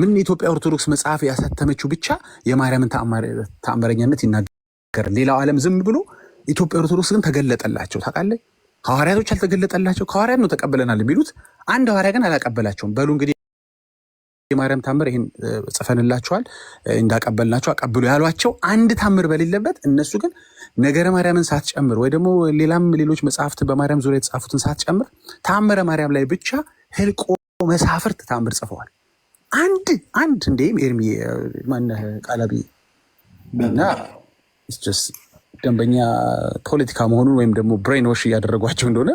ምን የኢትዮጵያ ኦርቶዶክስ መጽሐፍ ያሳተመችው ብቻ የማርያምን ተአምረኛነት ይናገር። ሌላው ዓለም ዝም ብሎ ኢትዮጵያ ኦርቶዶክስ ግን ተገለጠላቸው። ታውቃለህ፣ ሐዋርያቶች አልተገለጠላቸው። ከሐዋርያት ነው ተቀብለናል የሚሉት፣ አንድ ሐዋርያ ግን አላቀበላቸውም። በሉ እንግዲህ የማርያም ታምር ይህን ጽፈንላቸዋል እንዳቀበልናቸው አቀብሉ ያሏቸው አንድ ታምር በሌለበት እነሱ ግን ነገረ ማርያምን ሳትጨምር ወይ ደግሞ ሌላም ሌሎች መጽሐፍትን በማርያም ዙሪያ የተጻፉትን ሳትጨምር ታምረ ማርያም ላይ ብቻ ህልቆ መሳፍርት ታምር ጽፈዋል። አንድ አንድ እንዴም ኤርሚ ማነህ ቃላቢ እና ደንበኛ ፖለቲካ መሆኑን ወይም ደግሞ ብሬን ወሽ እያደረጓቸው እንደሆነ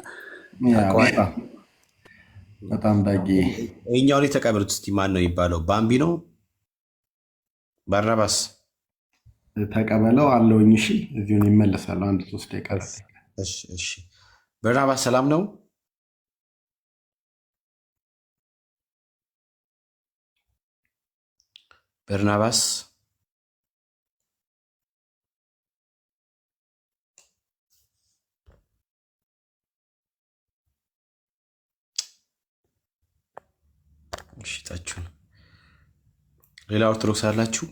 በጣም ዳጌ ይኛው ላይ ተቀበሉት። እስኪ ማን ነው የሚባለው? ባምቢ ነው ባርናባስ ተቀበለው አለውኝ። እሺ እዚሁን ይመለሳሉ። አንድ ሶስት ደቂቃ። በርናባስ ሰላም ነው? በርናባስ ሽጣችሁን ሌላ ኦርቶዶክስ አላችሁ።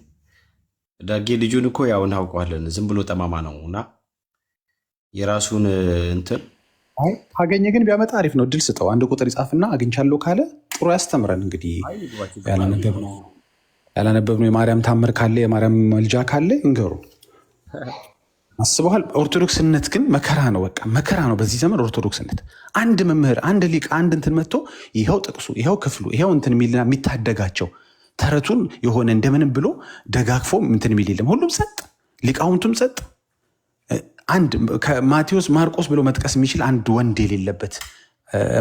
ዳጌ ልጁን እኮ ያው እናውቀዋለን። ዝም ብሎ ጠማማ ነው እና የራሱን እንትን ካገኘ ግን ቢያመጣ አሪፍ ነው። ድል ስጠው። አንድ ቁጥር ይጻፍና አግኝቻለሁ ካለ ጥሩ ያስተምረን። እንግዲህ ያለ ነው። ያላነበብነው የማርያም ታምር ካለ የማርያም መልጃ ካለ ይንገሩ። አስበዋል። ኦርቶዶክስነት ግን መከራ ነው፣ በቃ መከራ ነው። በዚህ ዘመን ኦርቶዶክስነት አንድ መምህር፣ አንድ ሊቅ፣ አንድ እንትን መጥቶ ይኸው ጥቅሱ፣ ይኸው ክፍሉ፣ ይኸው እንትን የሚልና የሚታደጋቸው ተረቱን የሆነ እንደምንም ብሎ ደጋግፎ እንትን የሚል የለም። ሁሉም ጸጥ፣ ሊቃውንቱም ጸጥ። አንድ ከማቴዎስ ማርቆስ ብሎ መጥቀስ የሚችል አንድ ወንድ የሌለበት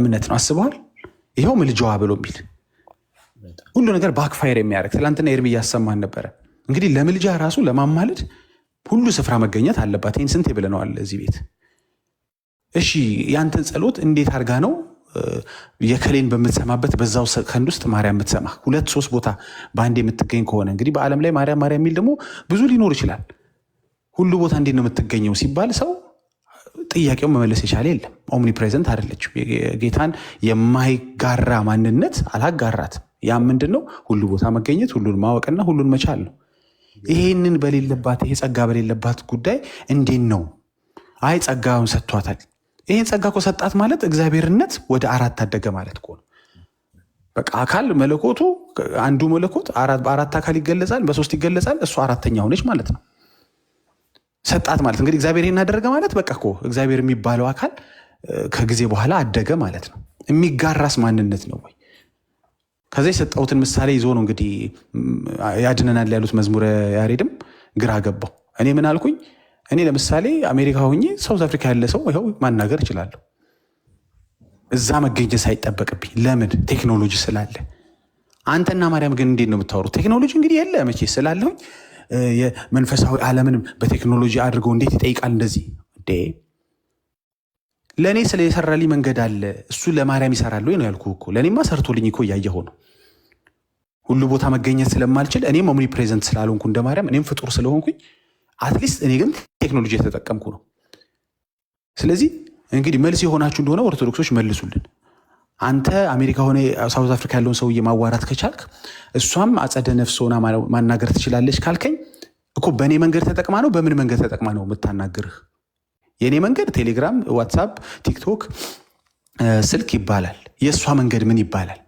እምነት ነው። አስበዋል። ይኸው ምልጃዋ ብሎ የሚል ሁሉ ነገር ባክፋየር የሚያደርግ ትላንትና ኤርሚ እያሰማን ነበረ። እንግዲህ ለምልጃ ራሱ ለማማለድ ሁሉ ስፍራ መገኘት አለባት። ይህን ስንቴ ብለነዋል እዚህ ቤት። እሺ ያንተን ጸሎት እንዴት አድርጋ ነው የከሌን በምትሰማበት በዛው ሰከንድ ውስጥ ማርያም የምትሰማ ሁለት ሶስት ቦታ በአንድ የምትገኝ ከሆነ እንግዲህ በዓለም ላይ ማርያም ማርያም የሚል ደግሞ ብዙ ሊኖር ይችላል። ሁሉ ቦታ እንዴት ነው የምትገኘው ሲባል ሰው ጥያቄውን መመለስ የቻለ የለም። ኦምኒ ፕሬዘንት አይደለችም። ጌታን የማይጋራ ማንነት አላጋራትም። ያ ምንድን ነው? ሁሉ ቦታ መገኘት፣ ሁሉን ማወቅና ሁሉን መቻል ነው። ይሄንን በሌለባት ይሄ ጸጋ በሌለባት ጉዳይ እንዴት ነው? አይ ጸጋውን ሰጥቷታል። ይሄን ጸጋ እኮ ሰጣት ማለት እግዚአብሔርነት ወደ አራት አደገ ማለት እኮ ነው። በቃ አካል መለኮቱ አንዱ መለኮት በአራት አካል ይገለጻል፣ በሶስት ይገለጻል። እሱ አራተኛ ሆነች ማለት ነው። ሰጣት ማለት እንግዲህ እግዚአብሔር እናደረገ ማለት በቃ እኮ እግዚአብሔር የሚባለው አካል ከጊዜ በኋላ አደገ ማለት ነው። የሚጋራስ ማንነት ነው ወይ? ከዛ የሰጠሁትን ምሳሌ ይዞ ነው እንግዲህ ያድነናል ያሉት መዝሙረ ያሬድም ግራ ገባው። እኔ ምን አልኩኝ? እኔ ለምሳሌ አሜሪካ ሆኜ ሳውት አፍሪካ ያለ ሰው ይኸው ማናገር እችላለሁ፣ እዛ መገኘት ሳይጠበቅብኝ። ለምን? ቴክኖሎጂ ስላለ። አንተና ማርያም ግን እንዴት ነው የምታወሩት? ቴክኖሎጂ እንግዲህ የለ መቼ ስላለሁኝ መንፈሳዊ ዓለምንም በቴክኖሎጂ አድርገው እንዴት ይጠይቃል እንደዚህ እንዴ ለእኔ ስለ የሰራልኝ መንገድ አለ። እሱ ለማርያም ይሰራል ወይ ነው ያልኩ እኮ። ለእኔማ ሰርቶልኝ እኮ እያየኸው ነው። ሁሉ ቦታ መገኘት ስለማልችል እኔም ኦምኒ ፕሬዘንት ስላልሆንኩ እንደ ማርያም እኔም ፍጡር ስለሆንኩኝ አትሊስት እኔ ግን ቴክኖሎጂ የተጠቀምኩ ነው። ስለዚህ እንግዲህ መልስ የሆናችሁ እንደሆነ ኦርቶዶክሶች መልሱልን። አንተ አሜሪካ ሆነ ሳውዝ አፍሪካ ያለውን ሰውዬ ማዋራት ከቻልክ እሷም አጸደ ነፍስ ሆና ማናገር ትችላለች ካልከኝ እኮ በእኔ መንገድ ተጠቅማ ነው በምን መንገድ ተጠቅማ ነው የምታናግርህ? የእኔ መንገድ ቴሌግራም፣ ዋትሳፕ፣ ቲክቶክ፣ ስልክ ይባላል። የእሷ መንገድ ምን ይባላል?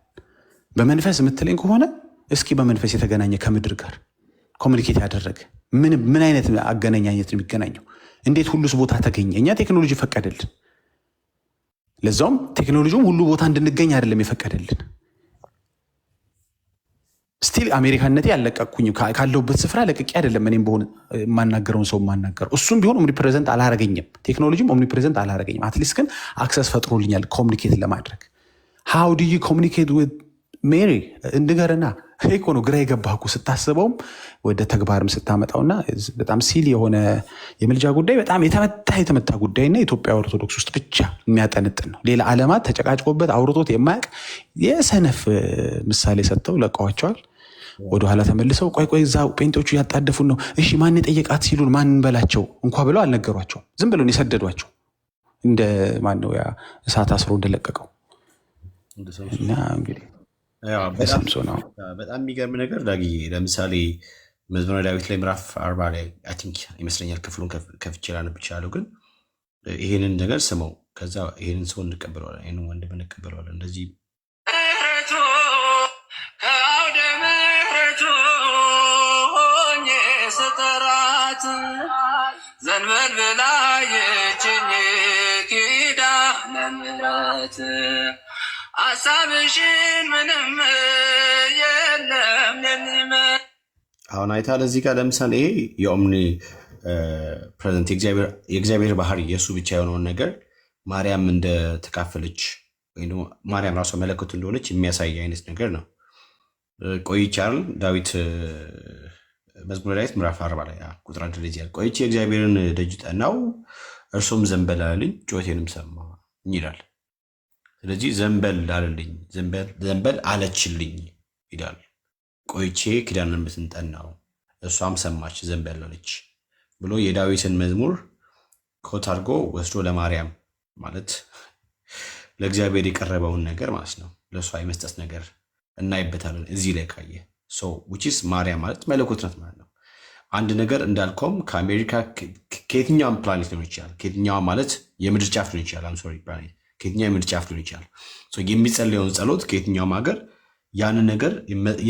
በመንፈስ የምትለኝ ከሆነ እስኪ በመንፈስ የተገናኘ ከምድር ጋር ኮሚኒኬት ያደረገ ምን አይነት አገናኛኘት ነው የሚገናኘው? እንዴት ሁሉስ ቦታ ተገኘ? እኛ ቴክኖሎጂ ፈቀደልን። ለዛውም ቴክኖሎጂውም ሁሉ ቦታ እንድንገኝ አይደለም የፈቀደልን ስቲል አሜሪካነቴ ያለቀኩኝ ካለሁበት ስፍራ ለቅቄ አይደለም። እኔም በሆነ የማናገረውን ሰው የማናገረው እሱም ቢሆን ኦምኒ ፕሬዘንት አላረገኝም። ቴክኖሎጂም ኦምኒ ፕሬዘንት አላረገኝም። አትሊስት ግን አክሰስ ፈጥሮልኛል ኮሚኒኬት ለማድረግ ሃው ዩ ኮሚኒኬት ሜሪ እንድገርና ይሄ እኮ ነው ግራ የገባህ ስታስበውም ወደ ተግባርም ስታመጣውና በጣም ሲል የሆነ የምልጃ ጉዳይ በጣም የተመታ የተመታ ጉዳይና ኢትዮጵያ ኦርቶዶክስ ውስጥ ብቻ የሚያጠነጥን ነው። ሌላ ዓለማት ተጨቃጭቆበት አውርቶት የማያቅ የሰነፍ ምሳሌ ሰጥተው ለቀዋቸዋል። ወደኋላ ተመልሰው ቆይ ቆይ፣ እዛ ጴንጤዎቹ እያጣደፉን ነው። እሺ ማን የጠየቃት ሲሉን ማን በላቸው እንኳ ብለው አልነገሯቸውም። ዝም ብለው የሰደዷቸው እንደ ማነው ያ እሳት አስሮ እንደለቀቀው እና እንግዲህ በጣም የሚገርም ነገር ዳጊ፣ ለምሳሌ መዝሙረ ዳዊት ላይ ምዕራፍ አርባ ላይ አይ ቲንክ ይመስለኛል ክፍሉን ከፍቼ ላነብ እችላለሁ፣ ግን ይሄንን ነገር ስመው ከዛ ይሄንን ሰው እንቀበለዋለን፣ ይህንን ወንድም እንቀበለዋለን። እንደዚህ ከአውደ ምሕረቱ ስጠራት ዘንበል ብላ የችኝ ኪዳነ ምሕረት ሀሳብሽን ምንም የለም። አሁን አይታል እዚህ ጋር ለምሳሌ ይሄ የኦምኒ ፕሬዘንት የእግዚአብሔር ባህሪ የእሱ ብቻ የሆነውን ነገር ማርያም እንደተካፈለች ወይም ማርያም ራሷ መለከቱ እንደሆነች የሚያሳይ አይነት ነገር ነው። ቆይቻል ዳዊት መዝሙረ ዳዊት ምዕራፍ አርባ ላይ ቁጥር አንድ ላይ ያል ቆይቼ የእግዚአብሔርን ደጅ ጠናው፣ እርሱም ዘንበላልኝ አለልኝ፣ ጩኸቴንም ሰማ ይላል። ስለዚህ ዘንበል አለልኝ፣ ዘንበል አለችልኝ ይላል። ቆይቼ ኪዳነምህረትን ጠናው፣ እሷም ሰማች ዘንበል አለች ብሎ የዳዊትን መዝሙር ኮት አድርጎ ወስዶ ለማርያም ማለት ለእግዚአብሔር የቀረበውን ነገር ማለት ነው ለእሷ የመስጠት ነገር እናይበታለን። እዚህ ላይ ካየ ውቺስ ማርያም ማለት መለኮት ናት ማለት ነው። አንድ ነገር እንዳልከውም ከአሜሪካ ከየትኛውም ፕላኔት ሊሆን ይችላል። ከየትኛው ማለት የምድር ጫፍ ሊሆን ይችላል። አም ሶሪ ፕላኔት ከየትኛው የምድር ጫፍ ሊሆን ይችላል። የሚጸለየውን ጸሎት ከየትኛውም ሀገር ያንን ነገር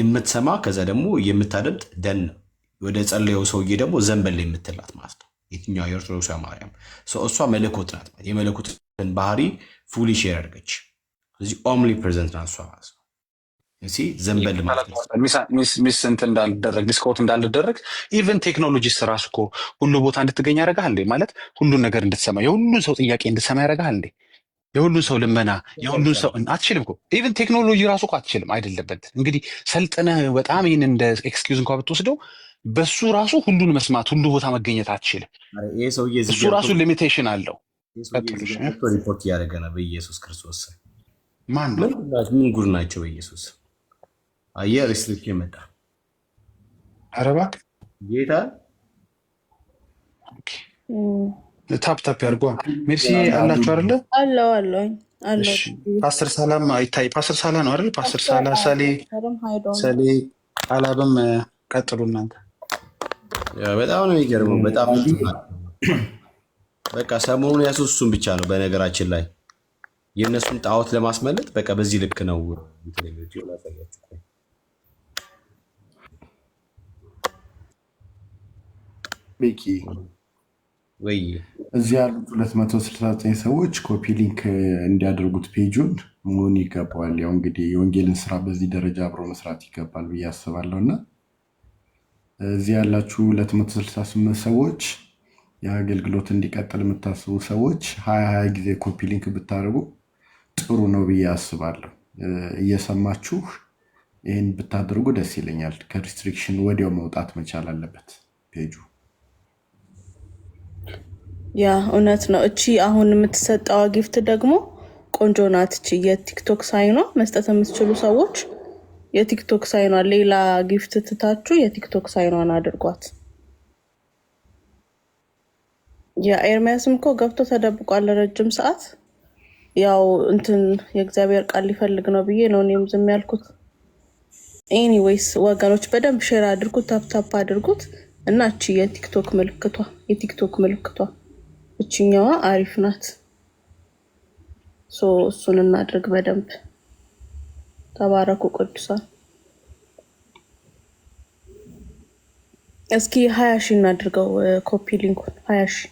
የምትሰማ ከዛ ደግሞ የምታደምጥ ደን ወደ ጸለየው ሰውዬ ደግሞ ዘንበል የምትላት ማለት ነው። የትኛው የኦርቶዶክሷ ማርያም እሷ መለኮት ናት። የመለኮትን ባህሪ ፉሊ ሼር ያደርገች እዚህ ኦምሊ ፕሬዘንት ናት እሷ ማለት ነው። ዘንበል ሚስ እንትን እንዳልደረግ ዲስኮት እንዳልደረግ ኢቨን ቴክኖሎጂ ራሱ እኮ ሁሉ ቦታ እንድትገኝ ያደርጋል ማለት ሁሉን ነገር እንድትሰማ የሁሉ ሰው ጥያቄ እንድትሰማ ያደርጋል። የሁሉን ሰው ልመና የሁሉን ሰው አትችልም እኮ ኢቨን ቴክኖሎጂ ራሱ እኮ አትችልም። አይደለበት እንግዲህ ሰልጥነህ በጣም ይህን እንደ ኤክስኪውዝ እንኳ ብትወስደው በሱ ራሱ ሁሉን መስማት ሁሉ ቦታ መገኘት አትችልም። እሱ ራሱ ሊሚቴሽን አለው። ሪፖርት እያደረገ ነው። በኢየሱስ ክርስቶስ ማን ምን ጉድ ናቸው? በኢየሱስ አየ ስልክ የመጣ አረባክ ጌታ ታፕ ታፕ ያርጓ ሜርሲ አላችሁ አይደለ? አለው አለኝ። ፓስተር ሳላም አይታይ። ፓስተር ሳላ ነው አይደል? ፓስተር ሳላ ሰሌ ሰሌ አላብም ቀጥሉ እናንተ። በጣም ነው የሚገርመው። በጣም በቃ ሰሞኑን ያሱት እሱን ብቻ ነው። በነገራችን ላይ የእነሱን ጣዖት ለማስመለጥ በቃ በዚህ ልክ ነው። እዚህ ያሉት 269 ሰዎች ኮፒ ሊንክ እንዲያደርጉት ፔጁን መሆን ይገባዋል። ያው እንግዲህ የወንጌልን ስራ በዚህ ደረጃ አብሮ መስራት ይገባል ብዬ አስባለሁ እና እዚህ ያላችሁ 268 ሰዎች የአገልግሎት እንዲቀጥል የምታስቡ ሰዎች ሀያ ሀያ ጊዜ ኮፒ ሊንክ ብታደርጉ ጥሩ ነው ብዬ አስባለሁ። እየሰማችሁ ይህን ብታደርጉ ደስ ይለኛል። ከሪስትሪክሽን ወዲያው መውጣት መቻል አለበት ፔጁ ያ እውነት ነው። እቺ አሁን የምትሰጠው ጊፍት ደግሞ ቆንጆ ናት። እቺ የቲክቶክ ሳይኗ መስጠት የምትችሉ ሰዎች የቲክቶክ ሳይኗ ሌላ ጊፍት ትታችሁ የቲክቶክ ሳይኗን አድርጓት። የኤርሚያስም እኮ ገብቶ ተደብቋል ረጅም ሰዓት። ያው እንትን የእግዚአብሔር ቃል ሊፈልግ ነው ብዬ ነው እኔም ዝም ያልኩት። ኤኒዌይስ ወገኖች በደንብ ሼር አድርጉት፣ ታፕታፕ አድርጉት እና እቺ የቲክቶክ ምልክቷ የቲክቶክ ምልክቷ እችኛዋ አሪፍ ናት። እሱን እናድርግ በደንብ ተባረኩ ቅዱሳን። እስኪ ሀያ ሺ እናድርገው። ኮፒ ሊንኩን ሀያ ሺ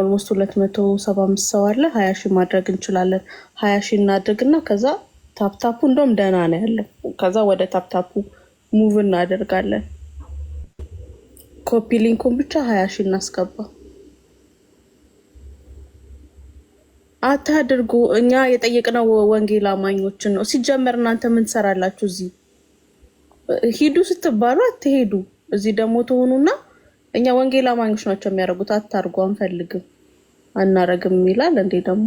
ኦልሞስት ሁለት መቶ ሰባ አምስት ሰው አለ። ሀያ ሺ ማድረግ እንችላለን። ሀያ ሺ እናድርግና ከዛ ታፕታፑ እንደውም ደህና ነው ያለው። ከዛ ወደ ታፕታፑ ሙቭ እናደርጋለን። ኮፒ ሊንኩን ብቻ ሀያ ሺ እናስገባ። አታድርጉ። እኛ የጠየቅነው ወንጌል አማኞችን ነው። ሲጀመር እናንተ ምን ትሰራላችሁ እዚህ? ሂዱ ስትባሉ አትሄዱ። እዚህ ደግሞ ትሆኑና እኛ ወንጌል አማኞች ናቸው የሚያደርጉት። አታርጉ፣ አንፈልግም፣ አናረግም ይላል። እንዴ ደግሞ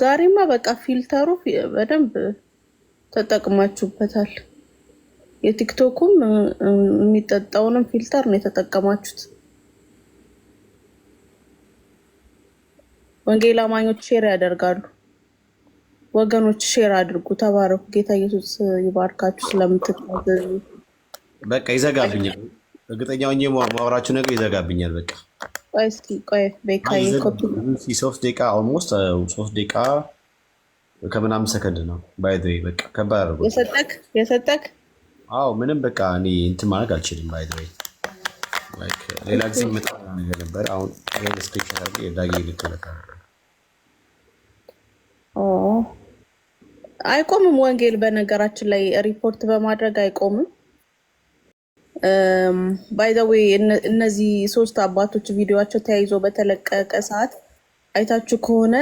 ዛሬማ በቃ ፊልተሩ በደንብ ተጠቅማችሁበታል። የቲክቶኩም የሚጠጣውንም ፊልተር ነው የተጠቀማችሁት። ወንጌል አማኞች ሼር ያደርጋሉ። ወገኖች ሼር አድርጉ፣ ተባረኩ። ጌታ ኢየሱስ ይባርካችሁ። ስለምትታዘዙ በቃ ይዘጋብኛል። እርግጠኛ ሆኜ ማውራችሁ ነገር ይዘጋብኛል። በቃ ቆይ እስኪ ቆይ ቤካ ሶስት ደቂቃ ኦልሞስት ሶስት ደቂቃ ከምናምን ሰከንድ ነው። ባይ ዘ ወይ በቃ ከባድ አድርጎ የሰጠክ የሰጠክ አዎ፣ ምንም በቃ እኔ እንትን ማድረግ አልችልም። ባይ ዘ ወይ ሌላ ጊዜ መጣ ነገር ነበር። አሁን ይሄን ስክሪፕት ዳጌ ልትለካ አይቆምም። ወንጌል በነገራችን ላይ ሪፖርት በማድረግ አይቆምም። ባይዘዌ እነዚህ ሶስት አባቶች ቪዲዮቸው ተያይዞ በተለቀቀ ሰዓት አይታችሁ ከሆነ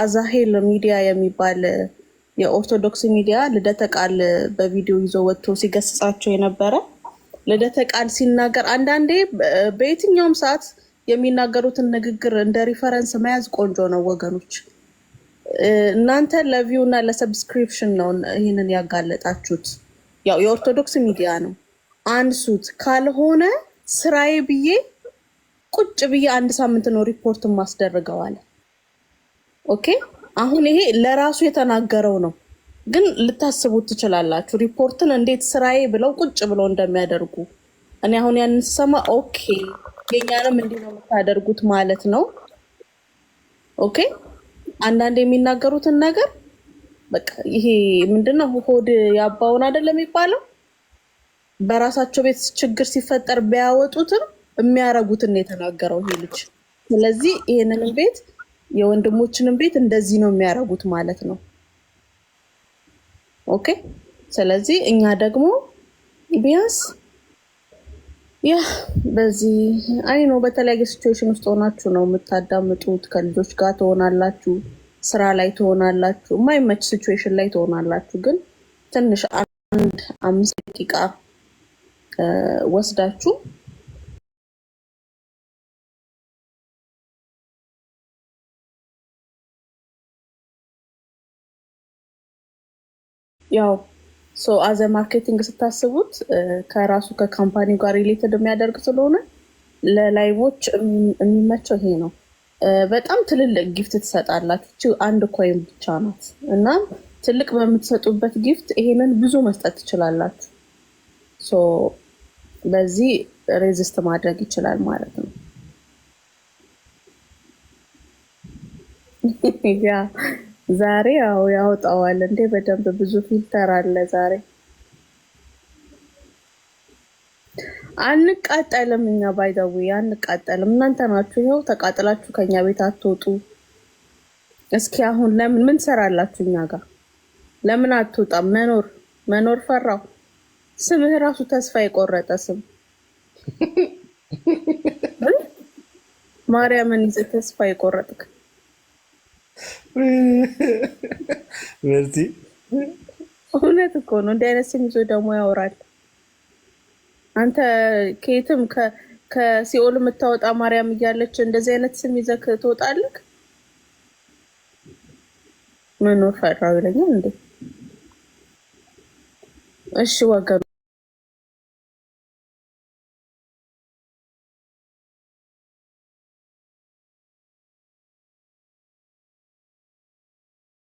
አዛሄል ሚዲያ የሚባል የኦርቶዶክስ ሚዲያ ልደተ ቃል በቪዲዮ ይዞ ወጥቶ ሲገስጻቸው የነበረ ልደተ ቃል ሲናገር አንዳንዴ በየትኛውም ሰዓት የሚናገሩትን ንግግር እንደ ሪፈረንስ መያዝ ቆንጆ ነው ወገኖች። እናንተ ለቪው እና ለሰብስክሪፕሽን ነው ይህንን ያጋለጣችሁት። ያው የኦርቶዶክስ ሚዲያ ነው አንሱት። ካልሆነ ስራዬ ብዬ ቁጭ ብዬ አንድ ሳምንት ነው ሪፖርት ማስደርገው አለ። ኦኬ አሁን ይሄ ለራሱ የተናገረው ነው፣ ግን ልታስቡት ትችላላችሁ። ሪፖርትን እንዴት ስራዬ ብለው ቁጭ ብለው እንደሚያደርጉ እኔ አሁን ያንን ስሰማ ኦኬ የኛንም እንዲህ ነው የምታደርጉት ማለት ነው ኦኬ አንዳንድ የሚናገሩትን ነገር በቃ ይሄ ምንድነው ሆድ ያባውን አይደለም የሚባለው? በራሳቸው ቤት ችግር ሲፈጠር ቢያወጡትም የሚያረጉትን የተናገረው ይሄ ልጅ። ስለዚህ ይሄንንም ቤት የወንድሞችንም ቤት እንደዚህ ነው የሚያረጉት ማለት ነው። ኦኬ። ስለዚህ እኛ ደግሞ ቢያንስ ያ በዚህ አይ ነው በተለያየ ሲትዌሽን ውስጥ ሆናችሁ ነው የምታዳምጡት። ከልጆች ጋር ትሆናላችሁ፣ ስራ ላይ ትሆናላችሁ፣ የማይመች ሲቹዌሽን ላይ ትሆናላችሁ። ግን ትንሽ አንድ አምስት ደቂቃ ወስዳችሁ ያው አዘ ማርኬቲንግ ስታስቡት ከራሱ ከካምፓኒ ጋር ሪሌትድ የሚያደርግ ስለሆነ ለላይቦች የሚመቸው ይሄ ነው። በጣም ትልልቅ ጊፍት ትሰጣላችሁ። አንድ ኮይን ብቻ ናት እና ትልቅ በምትሰጡበት ጊፍት ይሄንን ብዙ መስጠት ትችላላችሁ። በዚህ ሬዚስት ማድረግ ይችላል ማለት ነው። ያ ዛሬ ያው ያወጣዋል እንዴ በደንብ ብዙ ፊልተር አለ። ዛሬ አንቃጠልም እኛ ባይደዊ አንቃጠልም። እናንተ ናችሁ ይኸው ተቃጥላችሁ ከኛ ቤት አትወጡ። እስኪ አሁን ለምን ምን ሰራላችሁ እኛ ጋር ለምን አትወጣም? መኖር መኖር ፈራው። ስምህ ራሱ ተስፋ የቆረጠ ስም ማርያምን ይዘህ ተስፋ የቆረጥክ ምርሲ እውነት እኮ ነው። እንዲህ አይነት ስም ይዞ ደግሞ ያወራል። አንተ ከየትም ከሲኦል የምታወጣ ማርያም እያለች እንደዚህ አይነት ስም ይዘህ ትወጣለህ። መኖር ፈራው ይለኛል እንዴ? እሺ ወገኑ